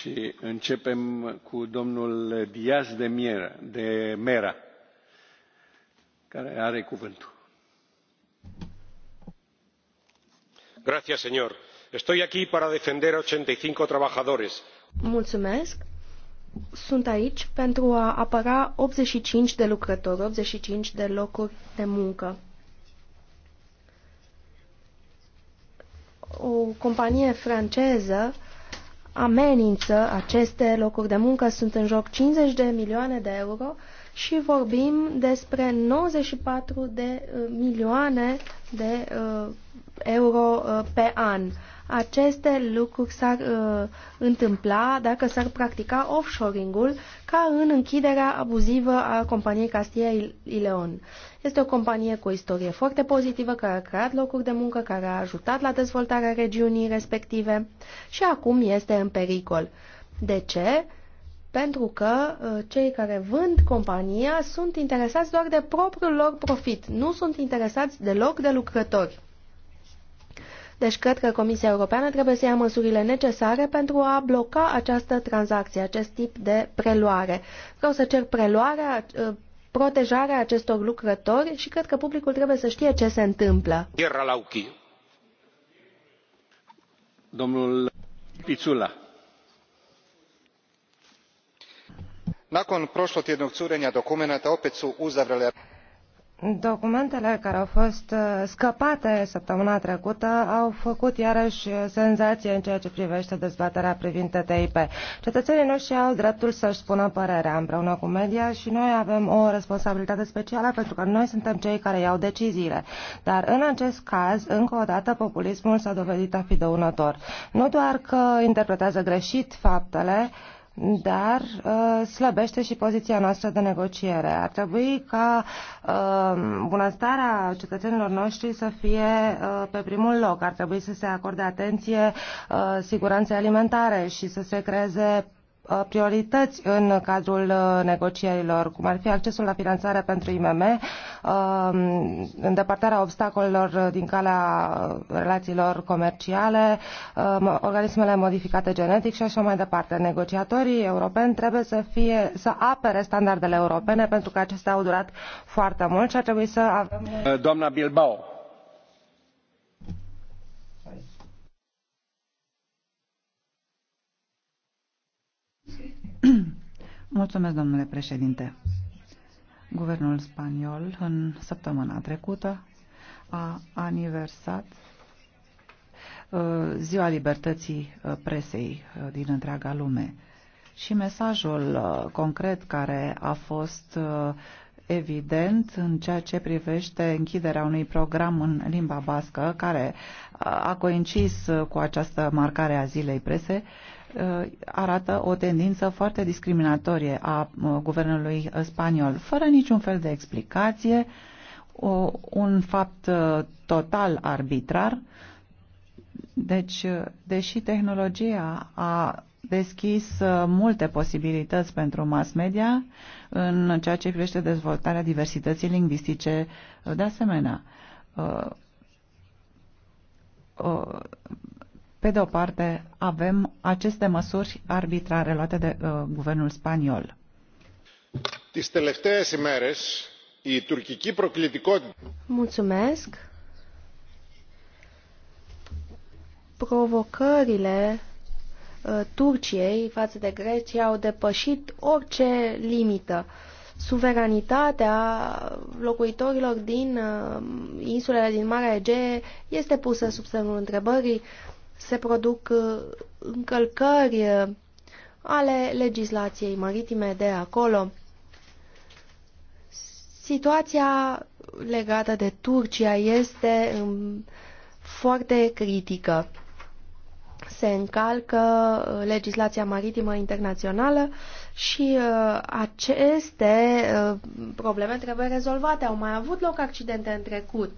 și începem cu domnul Diaz de, Mera, care are señor. Estoy aquí para defender a cinco trabajadores. Mulțumesc. Sunt aici pentru a apăra 85 de lucrători, 85 de locuri de muncă. O companie franceză amenință aceste locuri de muncă. Sunt în joc 50 de milioane de euro și vorbim despre 94 de eh, milioane de uh, euro uh, pe an. Aceste lucruri s-ar uh, întâmpla dacă s-ar practica offshoring-ul ca în închiderea abuzivă a companiei Castilla y León. Este o companie cu o istorie foarte pozitivă care a creat locuri de muncă, care a ajutat la dezvoltarea regiunii respective și acum este în pericol. De ce? pentru că uh, cei care vând compania sunt interesați doar de propriul lor profit, nu sunt interesați deloc de lucrători. Deci cred că Comisia Europeană trebuie să ia măsurile necesare pentru a bloca această tranzacție, acest tip de preluare. Vreau să cer preluarea, ă, protejarea acestor lucrători și cred că publicul trebuie să știe ce se întâmplă. Domnul Pițula. Nakon prošlotjednog curenja dokumenata opet su uzavrele Documentele care au fost uh, scăpate săptămâna trecută au făcut iarăși senzație în ceea ce privește dezbaterea privind TTIP. Cetățenii noștri au dreptul să-și spună părerea împreună cu media și noi avem o responsabilitate specială pentru că noi suntem cei care iau deciziile. Dar în acest caz, încă o dată, populismul s-a dovedit a fi dăunător. Nu doar că interpretează greșit faptele, dar uh, slăbește și poziția noastră de negociere. Ar trebui ca uh, bunăstarea cetățenilor noștri să fie uh, pe primul loc. Ar trebui să se acorde atenție uh, siguranței alimentare și să se creeze Uh, priorități în cadrul uh, negocierilor, cum ar fi accesul la finanțare pentru IMM, uh, îndepărtarea obstacolelor din calea relațiilor comerciale, organismele modificate genetic și așa mai departe. Negociatorii europeni trebuie să, fie, să apere standardele europene pentru că acestea au durat foarte mult și ar trebui să avem... Doamna Bilbao. Mulțumesc, domnule președinte. Guvernul spaniol, în săptămâna trecută, a aniversat uh, Ziua Libertății uh, Presei uh, din întreaga lume. Și mesajul concret care a fost evident în ceea ce privește închiderea unui program în limba bască, care a coincis cu această marcare a Zilei Prese, Uh, arată o tendință foarte discriminatorie a uh, guvernului spaniol, fără niciun fel de explicație, uh, un fapt total arbitrar. Deci, deși tehnologia a deschis multe posibilități pentru mass media în ceea ce privește dezvoltarea diversității lingvistice, de asemenea, pe de o parte, avem aceste măsuri arbitrare luate de uh, guvernul spaniol. Mulțumesc. Provocările uh, Turciei față de Grecia au depășit orice limită. Suveranitatea locuitorilor din uh, insulele din Marea Egee este pusă sub semnul întrebării se produc uh, încălcări uh, ale legislației maritime de acolo. Situația legată de Turcia este um, foarte critică. Se încalcă uh, legislația maritimă internațională și aceste probleme trebuie rezolvate. Au mai avut loc accidente în trecut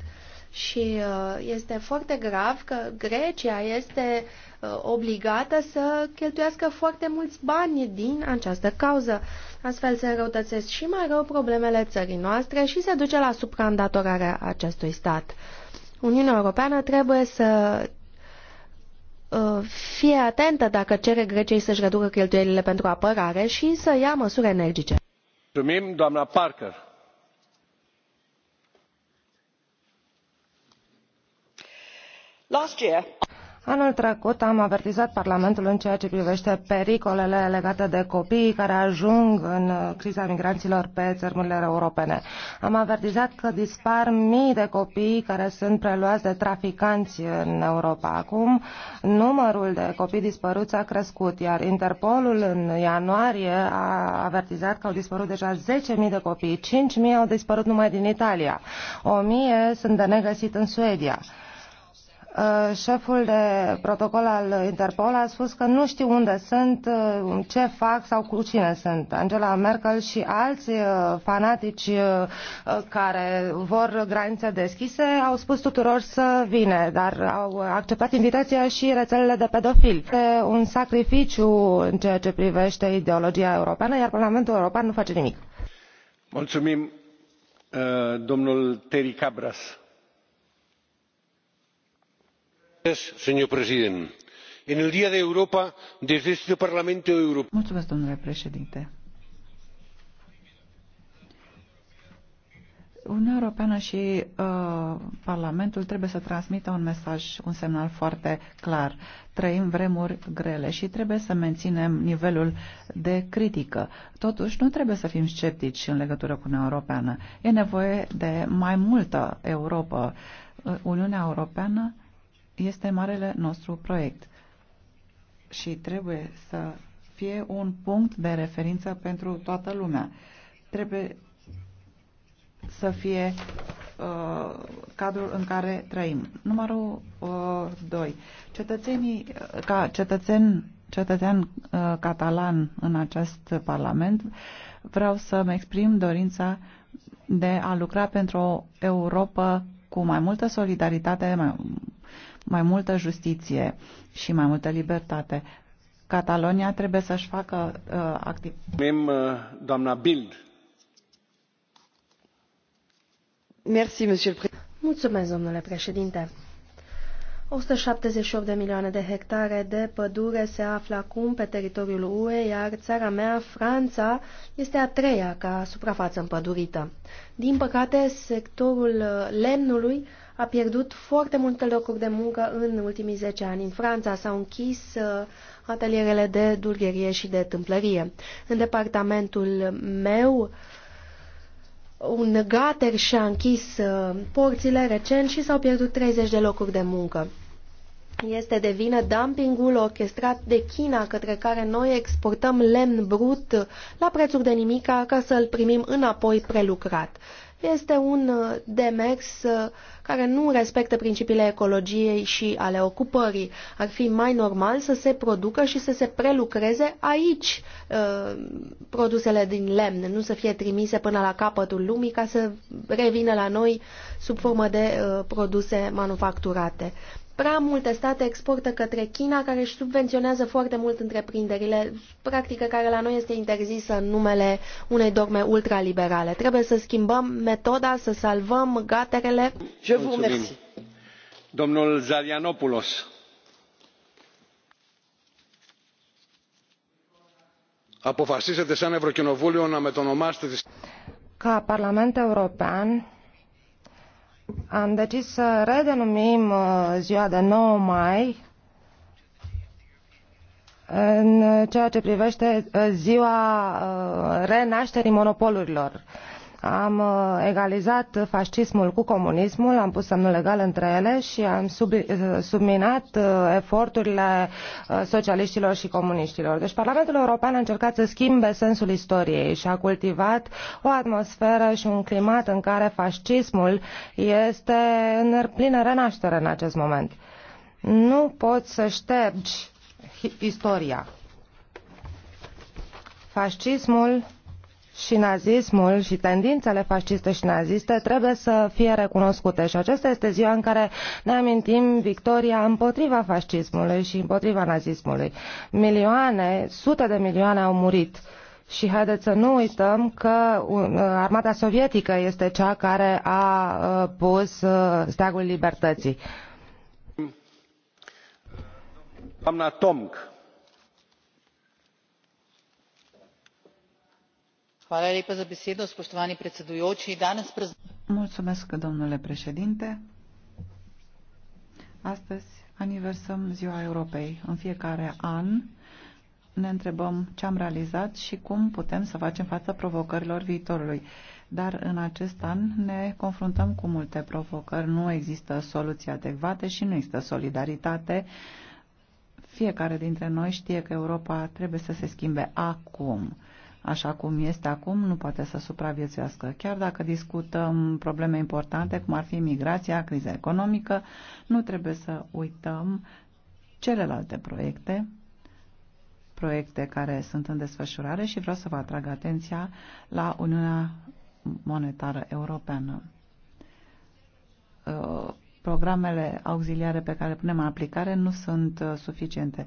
și uh, este foarte grav că Grecia este uh, obligată să cheltuiască foarte mulți bani din această cauză. Astfel se înrăutățesc și mai rău problemele țării noastre și se duce la supraîndatorarea acestui stat. Uniunea Europeană trebuie să uh, fie atentă dacă cere Greciei să-și reducă cheltuielile pentru apărare și să ia măsuri energice. Mulțumim, doamna Parker anul trecut am avertizat parlamentul în ceea ce privește pericolele legate de copiii care ajung în criza migranților pe țărmurile europene. am avertizat că dispar mii de copii care sunt preluați de traficanți în europa. acum numărul de copii dispăruți a crescut iar interpolul în ianuarie a avertizat că au dispărut deja 10.000 de copii 5.000 au dispărut numai din italia 1.000 sunt de negăsit în suedia. Uh, șeful de protocol al Interpol a spus că nu știu unde sunt, uh, ce fac sau cu cine sunt. Angela Merkel și alți uh, fanatici care vor granițe deschise au spus tuturor să vină, dar au acceptat invitația și rețelele de pedofili. Este un sacrificiu în ceea ce privește ideologia europeană, iar Parlamentul European nu face nimic. Mulțumim, domnul Terry Cabras Domnule Președinte, în ziua día de europa de este parlamento europeo. domnule președinte uniunea europeană și uh, parlamentul trebuie să transmită un mesaj un semnal foarte clar trăim vremuri grele și trebuie să menținem nivelul de critică. Totuși, nu trebuie să fim sceptici în legătură cu Uniunea Europeană. E nevoie de mai multă Europa. Uh, uniunea Europeană este marele nostru proiect și trebuie să fie un punct de referință pentru toată lumea. Trebuie să fie uh, cadrul în care trăim. Numărul 2. Uh, Cetățenii, uh, ca cetățen, cetățean uh, catalan în acest parlament, vreau să-mi exprim dorința de a lucra pentru o Europa cu mai multă solidaritate, mai mai multă justiție și mai multă libertate. Catalonia trebuie să-și facă uh, activ. Mulțumim, uh, doamna Bild. Merci, Mulțumesc, domnule președinte. 178 de milioane de hectare de pădure se află acum pe teritoriul UE, iar țara mea, Franța, este a treia ca suprafață împădurită. Din păcate, sectorul uh, lemnului a pierdut foarte multe locuri de muncă în ultimii 10 ani. În Franța s-au închis uh, atelierele de dulgherie și de tâmplărie. În departamentul meu, un gater și-a închis uh, porțile recent și s-au pierdut 30 de locuri de muncă. Este de vină dumpingul orchestrat de China către care noi exportăm lemn brut la prețuri de nimica ca să-l primim înapoi prelucrat. Este un uh, DMX uh, care nu respectă principiile ecologiei și ale ocupării. Ar fi mai normal să se producă și să se prelucreze aici uh, produsele din lemn, nu să fie trimise până la capătul lumii ca să revină la noi sub formă de produse manufacturate. Prea multe state exportă către China, care își subvenționează foarte mult întreprinderile, practică care la noi este interzisă în numele unei dogme ultraliberale. Trebuie să schimbăm metoda, să salvăm gaterele. Je vous merci. Domnul Zarianopoulos. Αποφασίσατε σαν Ευρωκοινοβούλιο να μετονομάσετε τις... Ca Parlament European, am decis să redenumim uh, ziua de 9 mai în ceea ce privește uh, ziua uh, renașterii monopolurilor. Am uh, egalizat fascismul cu comunismul, am pus semnul legal între ele și am sub, uh, subminat uh, eforturile socialiștilor și comuniștilor. Deci Parlamentul European a încercat să schimbe sensul istoriei și a cultivat o atmosferă și un climat în care fascismul este în plină renaștere în acest moment. Nu poți să ștergi istoria. Fascismul și nazismul și tendințele fasciste și naziste trebuie să fie recunoscute și aceasta este ziua în care ne amintim victoria împotriva fascismului și împotriva nazismului. Milioane, sute de milioane au murit. Și haideți să nu uităm că uh, armata sovietică este cea care a uh, pus uh, steagul libertății. Doamna Tomc Mulțumesc, domnule președinte. Astăzi aniversăm Ziua Europei. În fiecare an ne întrebăm ce am realizat și cum putem să facem față provocărilor viitorului. Dar în acest an ne confruntăm cu multe provocări. Nu există soluții adecvate și nu există solidaritate. Fiecare dintre noi știe că Europa trebuie să se schimbe acum așa cum este acum, nu poate să supraviețuiască. Chiar dacă discutăm probleme importante, cum ar fi migrația, criza economică, nu trebuie să uităm celelalte proiecte, proiecte care sunt în desfășurare și vreau să vă atrag atenția la Uniunea Monetară Europeană. Uh, programele auxiliare pe care le punem în aplicare nu sunt uh, suficiente.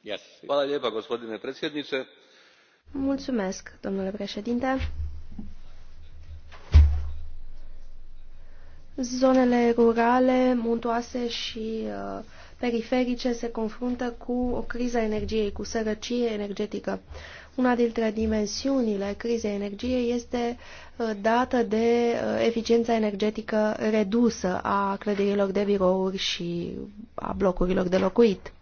domnule președinte Mulțumesc, domnule președinte. Zonele rurale, muntoase și uh, periferice se confruntă cu o criză a energiei, cu sărăcie energetică. Una dintre dimensiunile crizei energiei este uh, dată de uh, eficiența energetică redusă a clădirilor de birouri și a blocurilor de locuit.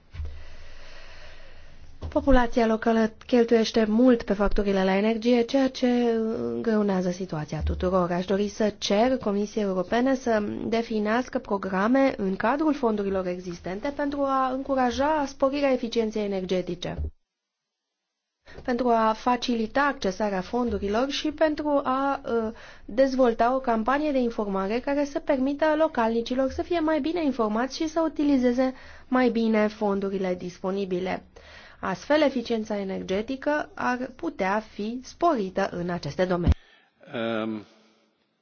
Populația locală cheltuiește mult pe facturile la energie, ceea ce îngreunează situația tuturor. Aș dori să cer Comisiei Europene să definească programe în cadrul fondurilor existente pentru a încuraja sporirea eficienței energetice, pentru a facilita accesarea fondurilor și pentru a ă, dezvolta o campanie de informare care să permită localnicilor să fie mai bine informați și să utilizeze mai bine fondurile disponibile. Astfel, eficiența energetică ar putea fi sporită în aceste domenii. Ehm,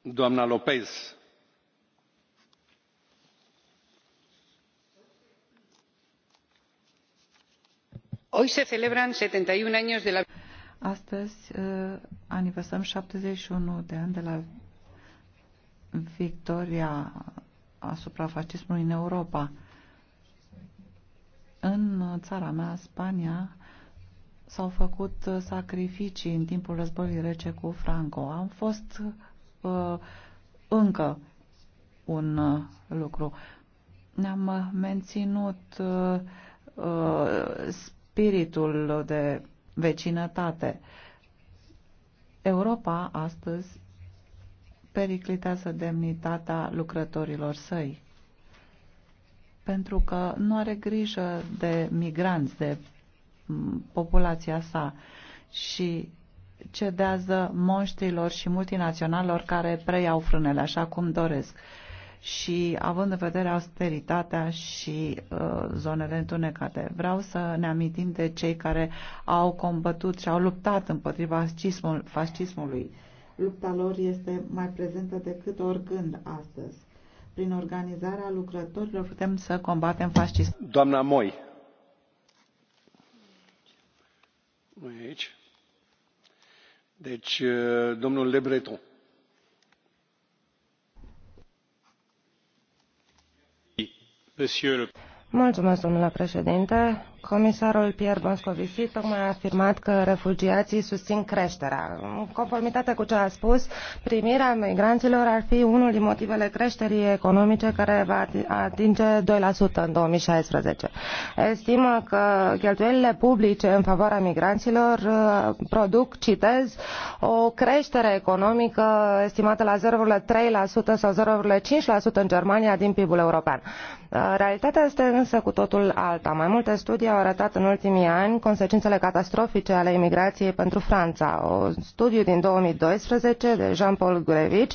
doamna Lopez. Hoy se celebran 71 años de la... Astăzi eh, aniversăm 71 de ani de la victoria asupra fascismului în Europa. În țara mea, Spania, s-au făcut sacrificii în timpul războiului rece cu Franco. Am fost uh, încă un uh, lucru. Ne-am menținut uh, uh, spiritul de vecinătate. Europa astăzi periclitează demnitatea lucrătorilor săi pentru că nu are grijă de migranți, de populația sa și cedează monștrilor și multinaționalilor care preiau frânele așa cum doresc. Și având în vedere austeritatea și uh, zonele întunecate, vreau să ne amintim de cei care au combătut și au luptat împotriva fascismul, fascismului. Lupta lor este mai prezentă decât oricând astăzi prin organizarea lucrătorilor putem să combatem fascismul. Doamna Moi. Nu e aici. Deci, uh, domnul Le Breton. Mulțumesc, domnule președinte Comisarul Pierre Moscovici tocmai a afirmat că refugiații susțin creșterea. În conformitate cu ce a spus, primirea migranților ar fi unul din motivele creșterii economice care va atinge 2% în 2016. Estimă că cheltuielile publice în favoarea migranților uh, produc, citez, o creștere economică estimată la 0,3% sau 0,5% în Germania din PIB-ul european. Uh, realitatea este însă cu totul alta. Mai multe studii au arătat în ultimii ani consecințele catastrofice ale imigrației pentru Franța. Un studiu din 2012 de Jean-Paul Gurevici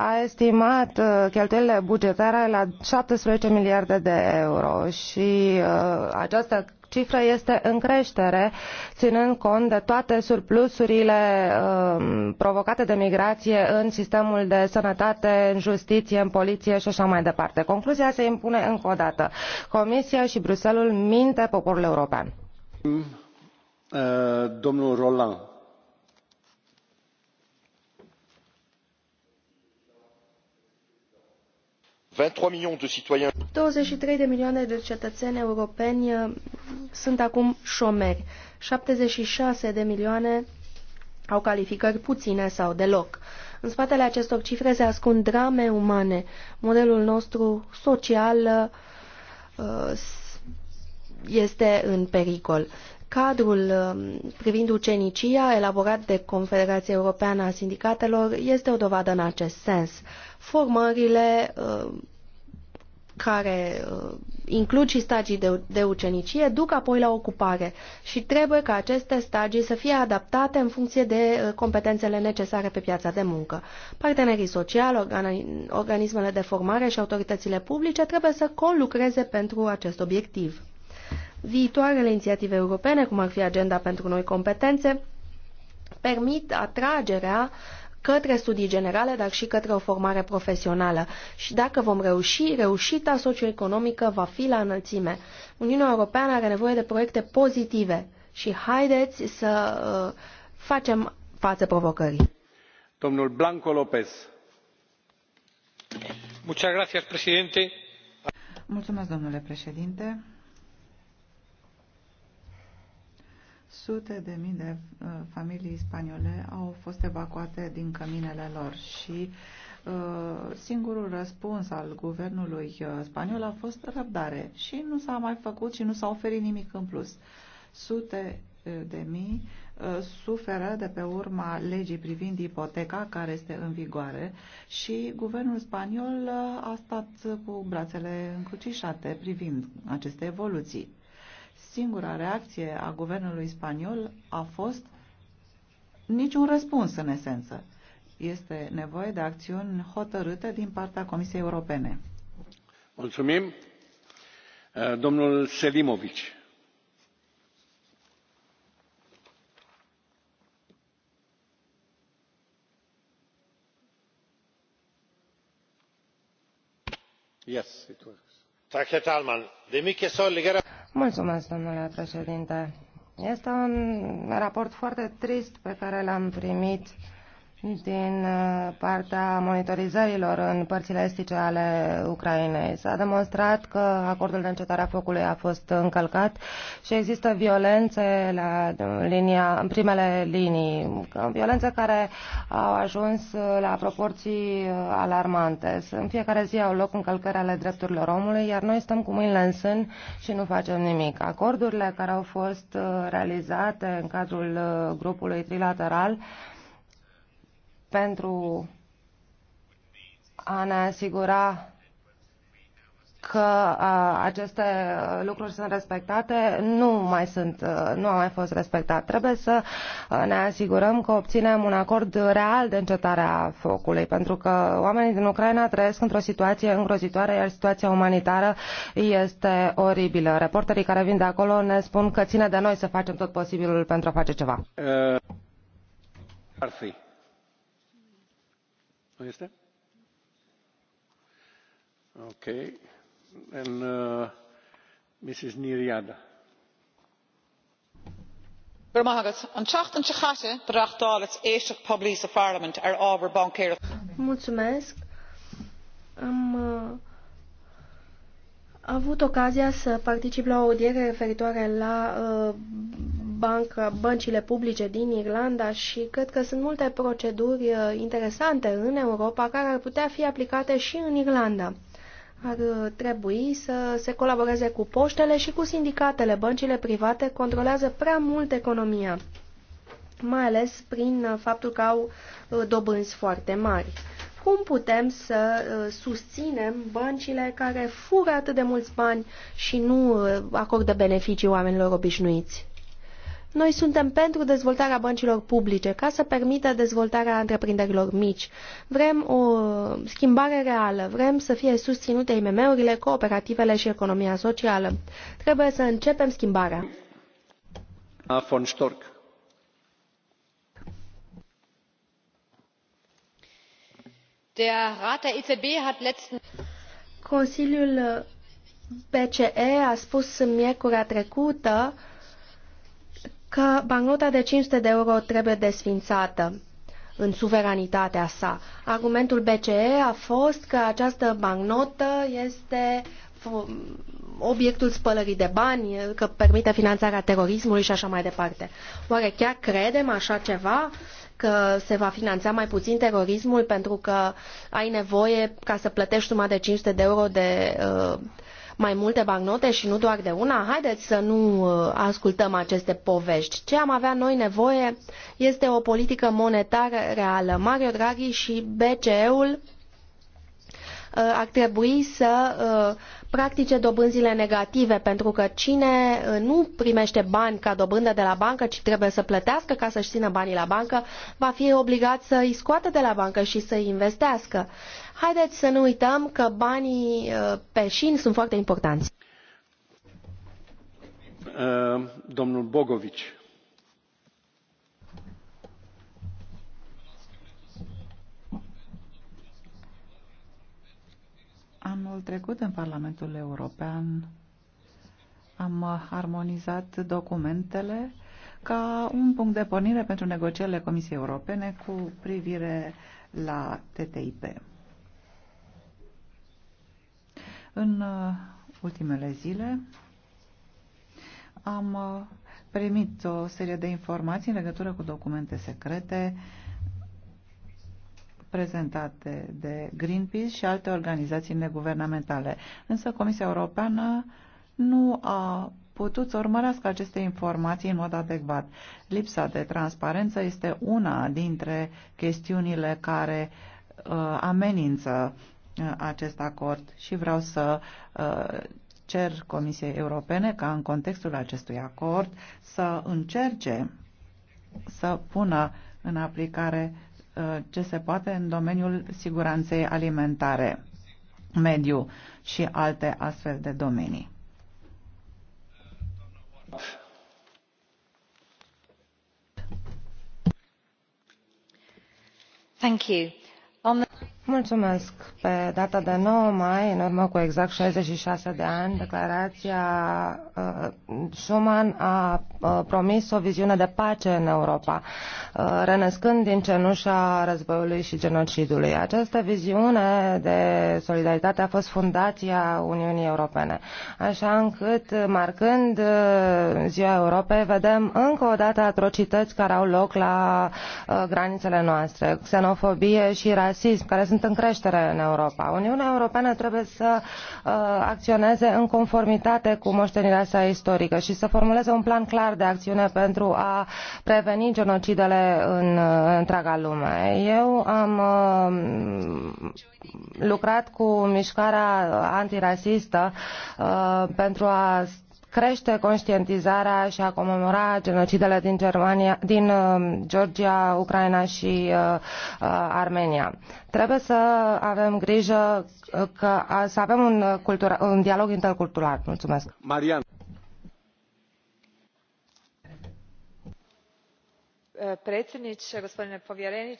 a estimat uh, cheltuielile bugetare la 17 miliarde de euro și uh, această cifră este în creștere, ținând cont de toate surplusurile um, provocate de migrație în sistemul de sănătate, în justiție, în poliție și așa mai departe. Concluzia se impune încă o dată. Comisia și Bruselul minte poporul european. Mm, uh, domnul Roland douăzeci și trei de milioane de cetățeni europeni uh, sunt acum șomeri. 76 de milioane au calificări puține sau deloc. În spatele acestor cifre se ascund drame umane. Modelul nostru social uh, este în pericol. Cadrul um, privind ucenicia, elaborat de Confederația Europeană a Sindicatelor, este o dovadă în acest sens. Formările um, care uh, includ și stagii de, de ucenicie duc apoi la ocupare și trebuie ca aceste stagii să fie adaptate în funcție de uh, competențele necesare pe piața de muncă. Partenerii sociali, organismele de formare și autoritățile publice trebuie să conlucreze pentru acest obiectiv. Viitoarele inițiative europene, cum ar fi agenda pentru noi competențe, permit atragerea către studii generale, dar și către o formare profesională. Și dacă vom reuși, reușita socioeconomică va fi la înălțime. Uniunea Europeană are nevoie de proiecte pozitive și haideți să uh, facem față provocării. Domnul Blanco Lopez. Muchas gracias, presidente. Mulțumesc, domnule președinte. Sute de mii de uh, familii spaniole au fost evacuate din căminele lor și uh, singurul răspuns al guvernului uh, spaniol a fost răbdare și nu s-a mai făcut și nu s-a oferit nimic în plus. Sute de mii suferă de pe urma legii privind ipoteca care este în vigoare și guvernul spaniol a stat cu brațele încrucișate privind aceste evoluții singura reacție a guvernului spaniol a fost niciun răspuns în esență. Este nevoie de acțiuni hotărâte din partea Comisiei Europene. Mulțumim. Uh, domnul Selimovic. Yes, it works. Herr talman! Det är mycket Mulțumesc, domnule președinte. Este un raport foarte trist pe care l-am primit din uh, partea monitorizărilor în părțile estice ale Ucrainei. S-a demonstrat că acordul de încetare a focului a fost încălcat și există violențe la linia, în primele linii, violențe care au ajuns la proporții uh, alarmante. În fiecare zi au loc încălcări ale drepturilor omului, iar noi stăm cu mâinile în sân și nu facem nimic. Acordurile care au fost uh, realizate în cadrul grupului trilateral pentru a ne asigura că a, aceste lucruri sunt respectate, nu mai sunt, nu au mai fost respectat. Trebuie să ne asigurăm că obținem un acord real de încetare a focului, pentru că oamenii din Ucraina trăiesc într-o situație îngrozitoare, iar situația umanitară este oribilă. Reporterii care vin de acolo ne spun că ține de noi să facem tot posibilul pentru a face ceva. Uh, ar fi. Nu este? Ok. Then, uh, Mrs. Niriada. Er Mulțumesc. Am uh, avut ocazia să particip la o audiere referitoare la uh, bancă, băncile publice din Irlanda și cred că sunt multe proceduri uh, interesante în Europa care ar putea fi aplicate și în Irlanda. Ar uh, trebui să se colaboreze cu poștele și cu sindicatele. Băncile private controlează prea mult economia, mai ales prin uh, faptul că au dobânzi foarte mari. Cum putem să susținem băncile care fură atât de mulți bani și nu acordă beneficii oamenilor obișnuiți? Noi suntem pentru dezvoltarea băncilor publice, ca să permită dezvoltarea întreprinderilor mici. Vrem o schimbare reală, vrem să fie susținute IMM-urile, cooperativele și economia socială. Trebuie să începem schimbarea. A von Stork. Der Rat der EZB hat letzten Consiliul BCE a spus miercurea trecută uh, că bancnota de 500 de euro trebuie desfințată în suveranitatea sa. Argumentul BCE a fost că această bancnotă este obiectul spălării de bani, că permite finanțarea terorismului și așa mai departe. Oare chiar credem așa ceva? că se va finanța mai puțin terorismul pentru că ai nevoie ca să plătești suma de 500 de euro de uh, mai multe bancnote și nu doar de una? Haideți să nu uh, ascultăm aceste povești. Ce am avea noi nevoie este o politică monetară reală. Mario Draghi și BCE-ul ar trebui să uh, practice dobânzile negative, pentru că cine uh, nu primește bani ca dobândă de la bancă, ci trebuie să plătească ca să-și țină banii la bancă, va fi obligat să îi scoată de la bancă și să îi investească. Haideți să nu uităm că banii uh, pe șin sunt foarte importanți. domnul Bogovici Anul trecut în Parlamentul European am armonizat documentele ca un punct de pornire pentru negocierile Comisiei Europene cu privire la TTIP. În uh, ultimele zile am uh, primit o serie de informații în legătură cu documente secrete prezentate de Greenpeace și alte organizații neguvernamentale. Însă Comisia Europeană nu a putut să urmărească aceste informații în mod adecvat. Lipsa de transparență este una dintre chestiunile care uh, amenință uh, acest acord și vreau să uh, cer Comisiei Europene ca în contextul acestui acord să încerce să pună în aplicare Uh, ce se poate în domeniul siguranței alimentare, mediu și alte astfel de domenii. Thank you. On the... Mulțumesc. Pe data de 9 mai, în urmă cu exact 66 de ani, declarația uh, Schuman a uh, promis o viziune de pace în Europa, uh, renăscând din cenușa războiului și genocidului. Această viziune de solidaritate a fost fundația Uniunii Europene, așa încât, marcând uh, Ziua Europei, vedem încă o dată atrocități care au loc la uh, granițele noastre, xenofobie și rasism, care sunt sunt în creștere în Europa. Uniunea Europeană trebuie să uh, acționeze în conformitate cu moștenirea sa istorică și să formuleze un plan clar de acțiune pentru a preveni genocidele în uh, întreaga lume. Eu am uh, lucrat cu mișcarea antirasistă uh, pentru a crește conștientizarea și a comemora genocidele din, Germania, din uh, Georgia, Ucraina și uh, uh, Armenia. Trebuie să avem grijă că, să avem un, cultura, un dialog intercultural. Mulțumesc. Marian. predsjednie gospodine povjerenie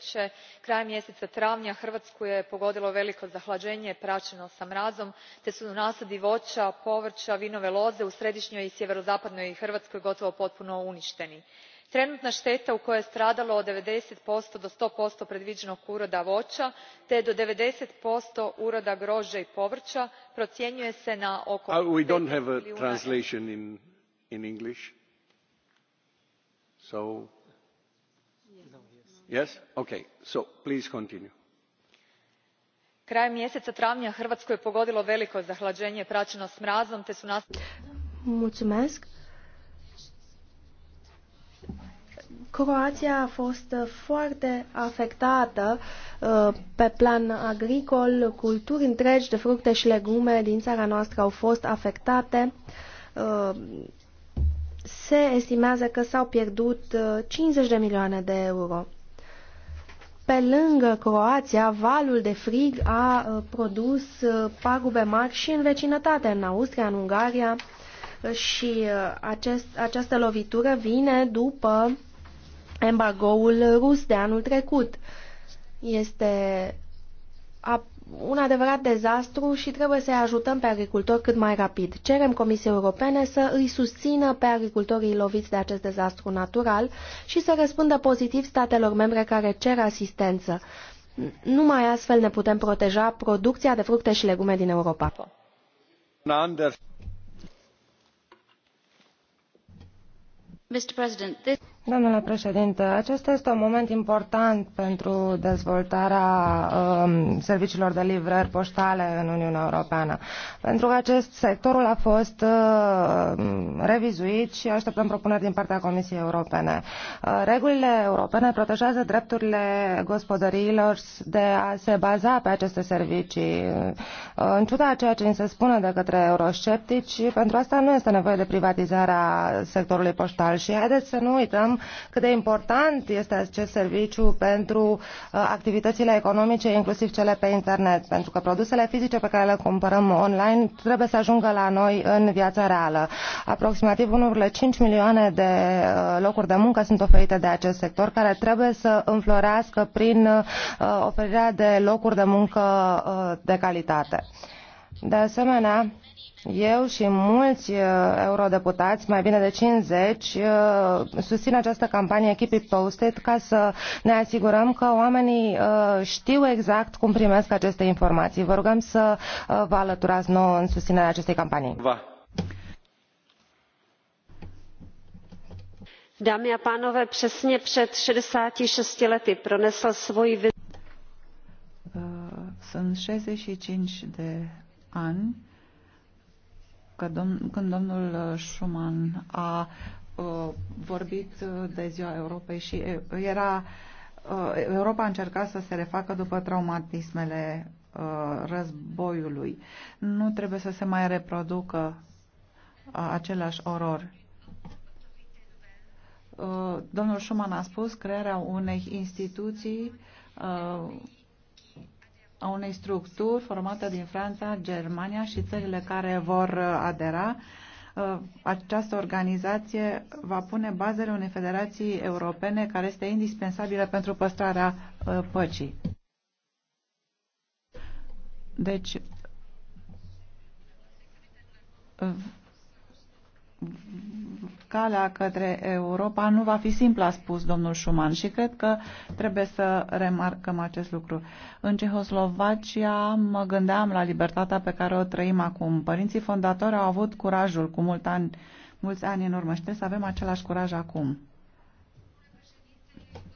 krajem mjeseca travnja hrvatsku je pogodilo veliko zahlaenje praćeno sa mrazom te su nasadi voća povrća vinove loze u središnjoj i sjeverozapadnoj hrvatskoj gotovo potpuno uništeni. trenutna šteta u kojoj je stradalo od ninety do one hundred predviđenog uroda voća te do ninety uroda grožđa i povrća procjenjuje se na oko five uh, milijuna krajem mjeseca travnja hrvatsku je pogodilo veliko zahlaenje praeno mrazom te su nastale. croația a fost foarte afectată uh, pe plan agricol culturi întregi de și legume din au fost afectate uh, se estimează că s-au pierdut 50 uh, de milioane de euro pe lângă Croația, valul de frig a uh, produs uh, pagube mari și în vecinătate, în Austria, în Ungaria uh, și acest, această lovitură vine după embargoul rus de anul trecut. Este un adevărat dezastru și trebuie să-i ajutăm pe agricultori cât mai rapid. Cerem Comisiei Europene să îi susțină pe agricultorii loviți de acest dezastru natural și să răspundă pozitiv statelor membre care cer asistență. Numai astfel ne putem proteja producția de fructe și legume din Europa. Mr. President, this... Domnule președinte, acesta este un moment important pentru dezvoltarea um, serviciilor de livrări poștale în Uniunea Europeană, pentru că acest sectorul a fost uh, revizuit și așteptăm propuneri din partea Comisiei Europene. Uh, regulile europene protejează drepturile gospodăriilor de a se baza pe aceste servicii. Uh, în ciuda a ceea ce ni se spune de către eurosceptici, pentru asta nu este nevoie de privatizarea sectorului poștal și haideți să nu uităm cât de important este acest serviciu pentru uh, activitățile economice, inclusiv cele pe internet, pentru că produsele fizice pe care le cumpărăm online trebuie să ajungă la noi în viața reală. Aproximativ 1,5 milioane de uh, locuri de muncă sunt oferite de acest sector, care trebuie să înflorească prin uh, oferirea de locuri de muncă de calitate. De asemenea, eu și mulți uh, eurodeputați, mai bine de 50, uh, susțin această campanie Keep It Posted ca să ne asigurăm că oamenii uh, știu exact cum primesc aceste informații. Vă rugăm să vă alăturați nouă în susținerea acestei campanii. Va. Dámy a pánové, přesně před 66 lety pronesl svoji vizi. Sunt 65 de ani că domn, când domnul uh, Schumann a uh, vorbit uh, de Ziua Europei și era Europa a încercat să se refacă după traumatismele războiului. Nu trebuie să se mai reproducă același oror. Domnul Schuman a spus crearea unei instituții a unei structuri formată din Franța, Germania și țările care vor uh, adera. Uh, această organizație va pune bazele unei federații europene care este indispensabilă pentru păstrarea uh, păcii. Deci, calea către Europa nu va fi simplă, a spus domnul Schumann și cred că trebuie să remarcăm acest lucru. În Cehoslovacia mă gândeam la libertatea pe care o trăim acum. Părinții fondatori au avut curajul cu mult ani, mulți ani în urmă și trebuie să avem același curaj acum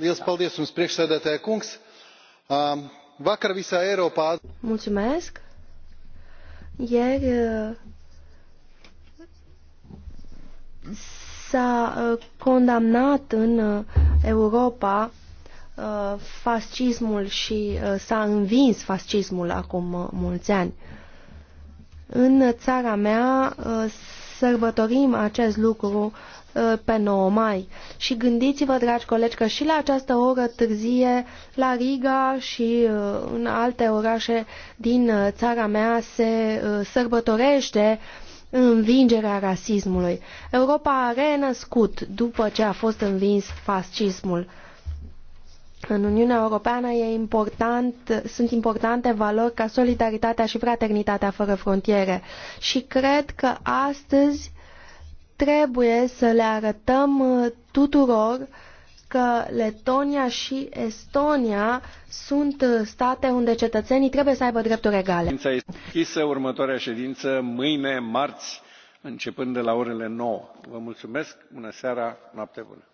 Da. Um, Ieri uh, s-a uh, condamnat în uh, Europa fascismul și s-a învins fascismul acum mulți ani. În țara mea sărbătorim acest lucru uh, pe 9 mai. Și gândiți-vă, dragi colegi, că și la această oră târzie, la Riga și uh, în alte orașe din uh, țara mea se sărbătorește învingerea rasismului. Europa a renăscut după ce a fost învins fascismul în Uniunea Europeană e important, sunt importante valori ca solidaritatea și fraternitatea fără frontiere. Și cred că astăzi trebuie să le arătăm uh, tuturor că Letonia și Estonia sunt uh, state unde cetățenii trebuie să aibă drepturi egale. Închisă următoarea ședință mâine, marți, începând de la orele 9. Vă mulțumesc, bună seara, noapte bună.